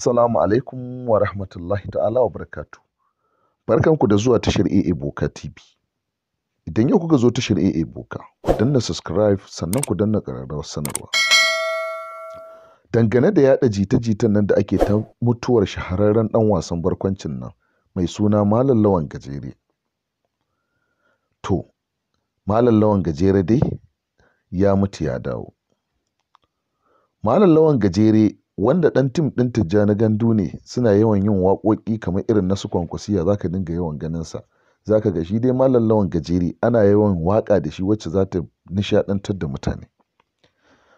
Assalamu alaikum wa rahmatullahi ta'ala wa barakatu. Barkanku da zuwa tashar AA Boka TV. Idan yau kuka zo tashar AA Boka, ku danna subscribe sannan ku danna ƙararrawar sanarwa. Dangane da yaɗa jita-jitan nan da ake ta mutuwar shahararren ɗan wasan barkwancin nan mai suna Malam Lawan Gajere. To, Malam Lawan Gajere dai ya mutu ya dawo. Malam Lawan Gajere wanda ɗan tim ɗin Tijjani Gandu ne suna yawan yin waƙoƙi kamar irin nasu su Kwankwasiya za ka dinga yawan ganinsa. Za ka ga shi dai Malam Lawan Gajere ana yawan waƙa da shi wacce za ta nishaɗantar da mutane.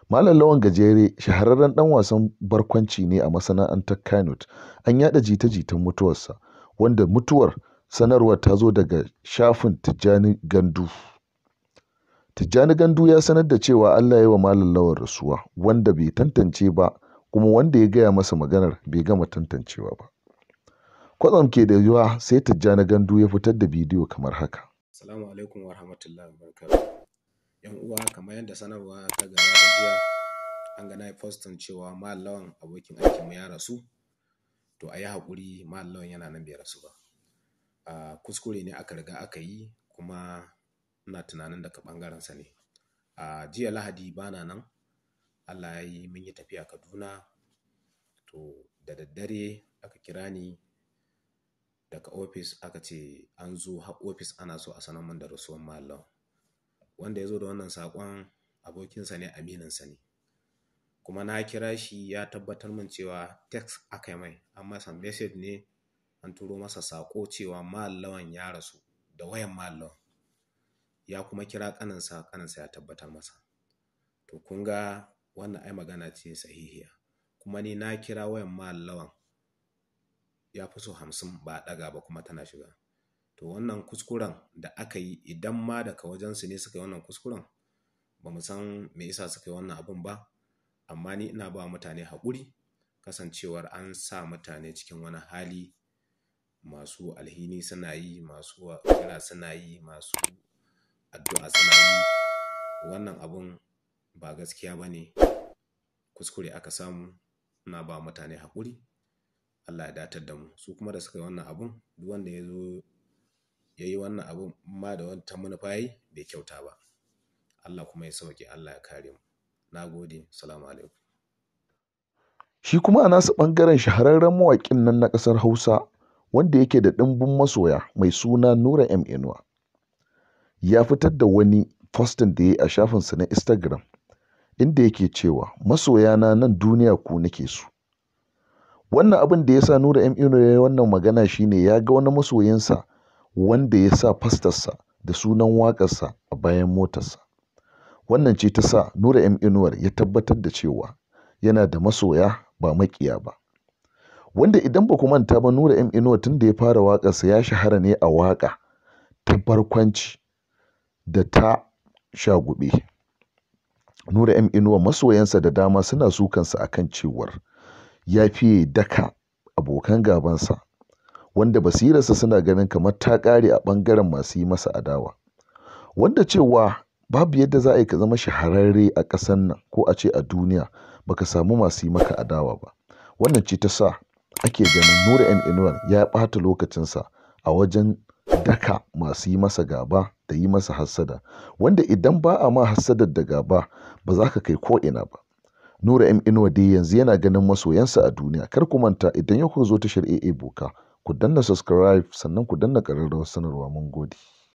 Malam Lawan Gajere shahararren ɗan wasan barkwanci ne a masana'antar kanut An yaɗa jita-jitan mutuwarsa, wanda mutuwar sanarwar ta zo daga shafin Tijjani Gandu. Tijjani Gandu ya sanar da cewa Allah ya yi wa Malam rasuwa, wanda bai tantance ba kuma wanda ya gaya masa maganar bai gama tantancewa ba kwatsam ke da yiwa sai tijjani gandu ya fitar da bidiyo kamar haka assalamu alaikum wa rahmatullahi wa yan uwa kamar yadda sanarwa ta gaba da jiya an ga na postan cewa mallawan abokin aikinmu ya rasu to a yi haƙuri mallawan yana nan bai rasu ba a kuskure ne aka riga aka yi kuma ina tunanin daga ɓangarensa ne a jiya lahadi bana nan Allah ya yi mun yi tafiya Kaduna to da daddare aka kira ni daga ofis aka ce an zo har ofis ana so a sanar mun da rasuwan mallam wanda ya zo da wannan saƙon abokinsa ne amininsa ne kuma na kira shi ya tabbatar min cewa text aka yi mai an masa message ne an turo masa saƙo cewa mallawan ya rasu da wayan mallawan ya kuma kira kaninsa kaninsa ya tabbatar masa to kun ga wannan ai magana ce sahihiya kuma ni na kira wayan mallawan ya fi so hamsin ba ɗaga ba kuma tana shiga to wannan kuskuren da aka yi idan ma daga wajensu ne suka yi wannan kuskuren ba mu san me yasa suka yi wannan abun ba amma ni ina ba mutane haƙuri kasancewar an sa mutane cikin wani hali masu alhini suna yi masu kira suna yi masu addu'a suna yi wannan abun ba gaskiya ba ne kuskure aka samu ina ba mutane haƙuri Allah ya datar da mu su kuma da suka yi wannan abun duk wanda ya zo ya yi wannan abun ma da wata manufa yi bai kyauta ba Allah kuma ya sauke Allah ya kare mu na gode salamu alaikum shi kuma a nasu ɓangaren shahararren mawaƙin nan na ƙasar hausa wanda yake da ɗimbin masoya mai suna nura m inuwa ya fitar da wani fostin da ya yi a shafinsa na instagram inda yake cewa masoya na nan duniya ku nake su. wannan abin da ya sa nura m ino ya yi wannan magana shine ya ga wani masoyinsa wanda ya sa fastarsa da sunan waƙarsa a bayan motarsa wannan ce ta sa nura m inuwar ya tabbatar da cewa yana da masoya ba maƙiya ba wanda idan ba ku manta ba nura m inuwar tun da ya fara waƙarsa ya shahara ne a waƙa ta barkwanci da ta shagube Nura M Inuwa masoyansa da dama suna sukansa kan cewar ya fiye daka abokan gabansa wanda basirarsa suna ganin kamar ta ƙare a ɓangaren masu yi masa adawa. Wanda cewa babu yadda za a yi ka zama shahararre a ƙasar nan ko a ce a duniya baka samu masu yi maka adawa ba. Wannan ce ta sa ake ganin Nura M Inuwa ya ɓata lokacinsa a wajen daka masu yi masa gaba da yi masa hassada wanda idan ba a ma hassadar da gaba ba za ka kai ko ina ba Nura M Inuwa dai yanzu yana ganin masoyansa a duniya kar ku manta idan ya ku zo tashar AA Boka ku danna subscribe sannan ku danna ƙararrawar sanarwa mun gode